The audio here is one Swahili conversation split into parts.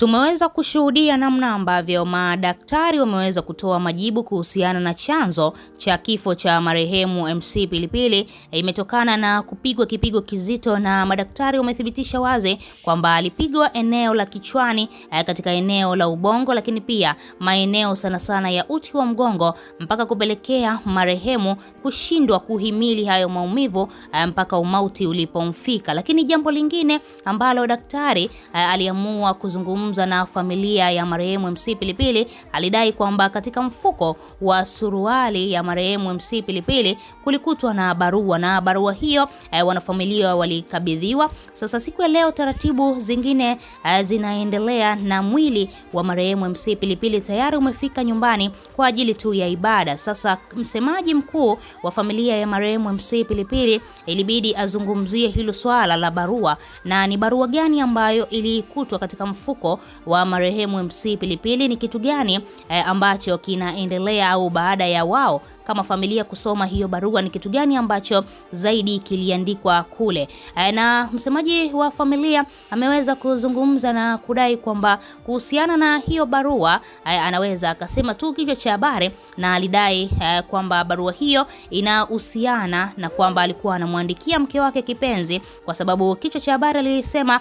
Tumeweza kushuhudia namna ambavyo madaktari wameweza kutoa majibu kuhusiana na chanzo cha kifo cha marehemu MC Pilipili imetokana na kupigwa kipigo kizito, na madaktari wamethibitisha wazi kwamba alipigwa eneo la kichwani, eh, katika eneo la ubongo, lakini pia maeneo sana sana ya uti wa mgongo mpaka kupelekea marehemu kushindwa kuhimili hayo maumivu eh, mpaka umauti ulipomfika. Lakini jambo lingine ambalo daktari eh, aliamua kuzungumza akizungumza na familia ya marehemu MC Pilipili alidai kwamba katika mfuko wa suruali ya marehemu MC Pilipili kulikutwa na barua na barua hiyo eh, wanafamilia walikabidhiwa. Sasa siku ya leo taratibu zingine eh, zinaendelea na mwili wa marehemu MC Pilipili tayari umefika nyumbani kwa ajili tu ya ibada. Sasa msemaji mkuu wa familia ya marehemu MC Pilipili ilibidi azungumzie hilo swala la barua na ni barua gani ambayo ilikutwa katika mfuko wa marehemu MC Pilipili ni kitu gani eh, ambacho kinaendelea au baada ya wao kama familia kusoma hiyo barua, ni kitu gani ambacho zaidi kiliandikwa kule. Eh, na msemaji wa familia ameweza kuzungumza na kudai kwamba kuhusiana na hiyo barua, eh, anaweza akasema tu kichwa cha habari, na alidai eh, kwamba barua hiyo inahusiana na kwamba alikuwa anamwandikia mke wake kipenzi, kwa sababu kichwa cha habari alisema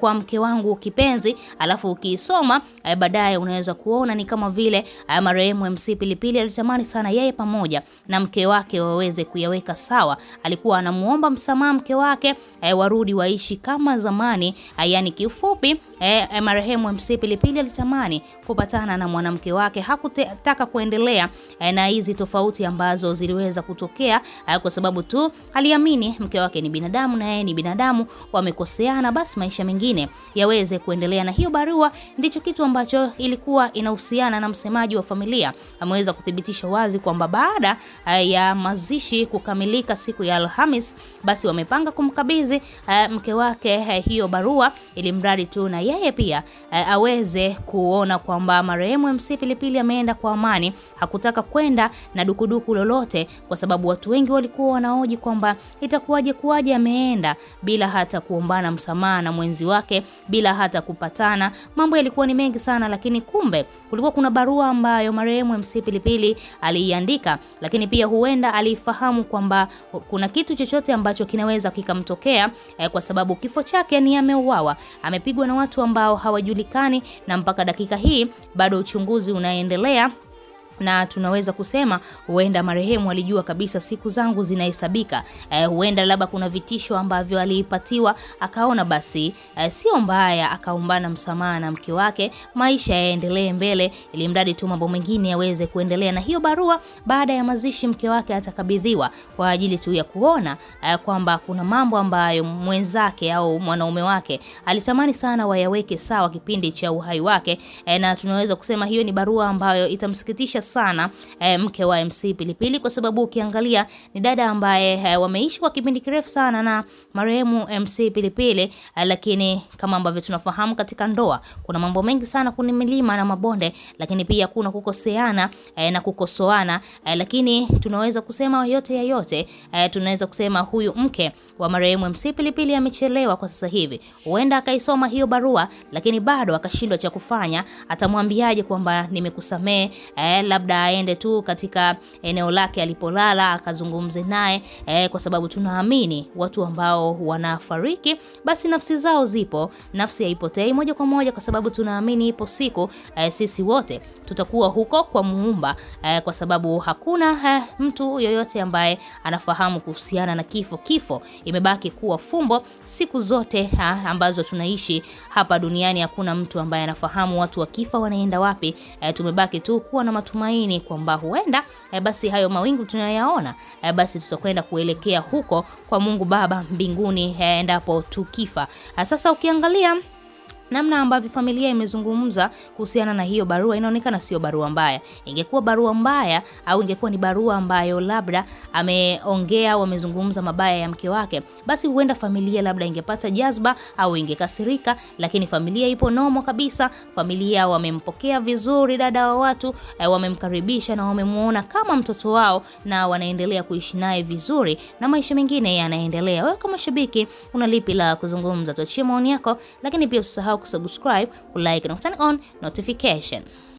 kwa mke wangu kipenzi, alafu ukisoma baadaye unaweza kuona ni kama vile marehemu MC Pilipili alitamani sana yeye pamoja pamoja na mke wake waweze kuyaweka sawa. Alikuwa anamuomba msamaha mke wake, warudi waishi kama zamani, yaani kifupi Eh, eh, marehemu MC Pilipili alitamani kupatana na mwanamke wake, hakutaka kuendelea eh, na hizi tofauti ambazo ziliweza kutokea eh, kwa sababu tu aliamini mke wake ni binadamu na yeye ni binadamu, wamekoseana, basi maisha mengine yaweze kuendelea. Na hiyo barua ndicho kitu ambacho ilikuwa inahusiana, na msemaji wa familia ameweza kuthibitisha wazi kwamba baada eh, ya mazishi kukamilika siku ya Alhamis, basi wamepanga kumkabidhi eh, mke wake eh, hiyo barua ili mradi tu na yeye pia e, aweze kuona kwamba marehemu MC Pilipili ameenda kwa amani. Hakutaka kwenda na dukuduku lolote, kwa sababu watu wengi walikuwa wanaoji kwamba itakuwaje kuwaje ameenda bila hata kuombana msamaha na mwenzi wake, bila hata kupatana. Mambo yalikuwa ni mengi sana, lakini kumbe kulikuwa kuna barua ambayo marehemu MC Pilipili aliiandika, lakini pia huenda alifahamu kwamba kuna kitu chochote ambacho kinaweza kikamtokea eh, kwa sababu kifo chake ni ameuawa, amepigwa na watu watu ambao hawajulikani na mpaka dakika hii bado uchunguzi unaendelea na tunaweza kusema huenda marehemu alijua kabisa siku zangu zinahesabika. E, huenda labda kuna vitisho ambavyo aliipatiwa akaona basi e, sio mbaya, akaombana msamaha na mke wake, maisha yaendelee mbele, ili mradi tu mambo mengine yaweze kuendelea. Na hiyo barua baada ya mazishi mke wake atakabidhiwa kwa ajili tu ya kuona e, kwamba kuna mambo ambayo mwenzake au mwanaume wake alitamani sana wayaweke sawa kipindi cha uhai wake e, na tunaweza kusema hiyo ni barua ambayo itamsikitisha sana e, mke wa MC Pilipili kwa sababu ukiangalia ni dada ambaye e, wameishi kwa kipindi kirefu sana na marehemu MC Pilipili e, lakini kama ambavyo tunafahamu katika ndoa kuna mambo mengi sana, kuna milima na mabonde, lakini pia kuna kukoseana e, na kukosoana e, lakini tunaweza kusema yote ya yote e, tunaweza kusema huyu mke wa marehemu MC Pilipili amechelewa kwa sasa hivi, huenda akaisoma hiyo barua, lakini bado akashindwa cha kufanya. Atamwambiaje kwamba nimekusamee? e, labda aende tu katika eneo lake alipolala akazungumze naye eh, kwa sababu tunaamini watu ambao wanafariki basi nafsi zao zipo, nafsi haipotei moja kwa moja, kwa sababu tunaamini ipo siku eh, sisi wote tutakuwa huko kwa Muumba eh, kwa sababu hakuna eh, mtu yoyote ambaye anafahamu kuhusiana na kifo. Kifo imebaki kuwa fumbo siku zote ha, eh, ambazo tunaishi hapa duniani. Hakuna mtu ambaye anafahamu watu wakifa wanaenda wapi. E, tumebaki tu kuwa na matumaini matumaini kwamba huenda e, basi hayo mawingu tunayaona e, basi tutakwenda kuelekea huko kwa Mungu Baba mbinguni e, endapo tukifa. Ah, sasa ukiangalia Namna ambavyo familia imezungumza kuhusiana na hiyo barua inaonekana sio barua mbaya. Ingekuwa barua mbaya au ingekuwa ni barua ambayo labda ameongea au amezungumza mabaya ya mke wake, basi huenda familia labda ingepata jazba au ingekasirika, lakini familia ipo nomo kabisa. Familia wamempokea vizuri dada wa watu, eh, wamemkaribisha na wamemuona kama mtoto wao na wanaendelea kuishi naye vizuri na maisha mengine yanaendelea. Wewe kama shabiki una lipi la kuzungumza? Tuachie maoni yako, lakini pia usisahau kusubscribe, kulike na kuturn on notification.